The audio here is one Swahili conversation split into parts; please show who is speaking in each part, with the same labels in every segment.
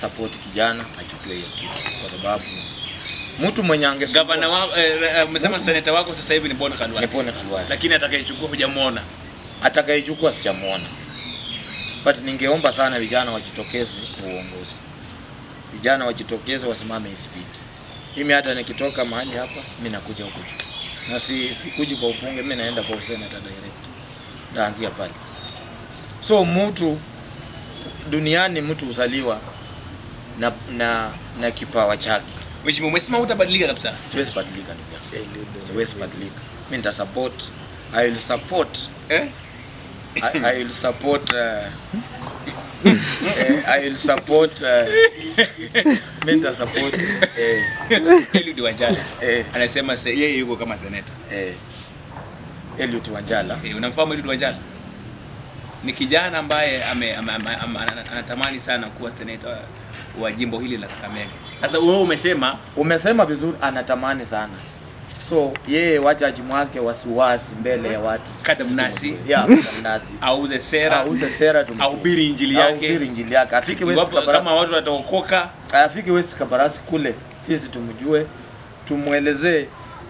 Speaker 1: support kijana achukue hiyo kitu, kwa sababu mtu mwenye ange
Speaker 2: gavana wako eh, eh, amesema, seneta wako sasa hivi ni Bona Khalwale, ni Bona Khalwale, lakini atakayechukua hujamuona,
Speaker 1: atakayechukua sijamuona. But ningeomba sana vijana wajitokeze uongozi, vijana wajitokeze, wasimame speed. Mimi hata nikitoka mahali hapa mimi nakuja huko juu, na si sikuji kwa ubunge, mimi naenda kwa seneta direct, naanzia pale. So mtu duniani, mtu uzaliwa na na, na kipawa chake.
Speaker 2: Mheshimiwa, umesema utabadilika kabisa.
Speaker 1: Siwezi badilika ndugu yangu. Eh, Siwezi badilika. Mimi nita support. I will support. Eh? I, I will support uh, eh, I will support uh, mimi nita support eh
Speaker 2: Eliud Wanjala. Eh. Anasema yeye yuko kama seneta.
Speaker 1: Eh. Eliud Wanjala.
Speaker 2: Eh, unamfahamu Eliud Wanjala? Ni kijana ambaye anatamani sana kuwa seneta wa jimbo hili la Kakamega. Sasa wewe umesema,
Speaker 1: umesema vizuri, anatamani sana so yeye wajaji mwake wasiwasi mbele ya watu,
Speaker 2: kata mnasi ya kata mnasi, auze sera,
Speaker 1: auze sera tu,
Speaker 2: ahubiri injili yake,
Speaker 1: ahubiri injili yake,
Speaker 2: afiki West Kabarasi. Kama watu wataokoka,
Speaker 1: afiki West Kabarasi kule, sisi tumjue, tumuelezee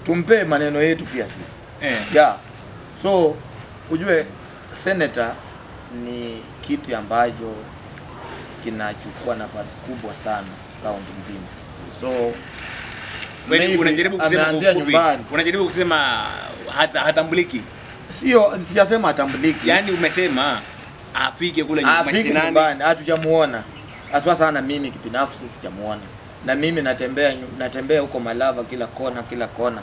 Speaker 1: tumpe maneno yetu pia sisi eh. ya So ujue senator ni kitu ambacho kinachukua nafasi kubwa sana kaunti nzima. So
Speaker 2: unajaribu kusema hata hatambuliki,
Speaker 1: sio? Sijasema hatambuliki,
Speaker 2: yani umesema afike kule
Speaker 1: nyumbani, hatujamuona aswa sana. Mimi kibinafsi sijamuona, na mimi natembea natembea huko Malava, kila kona, kila kona.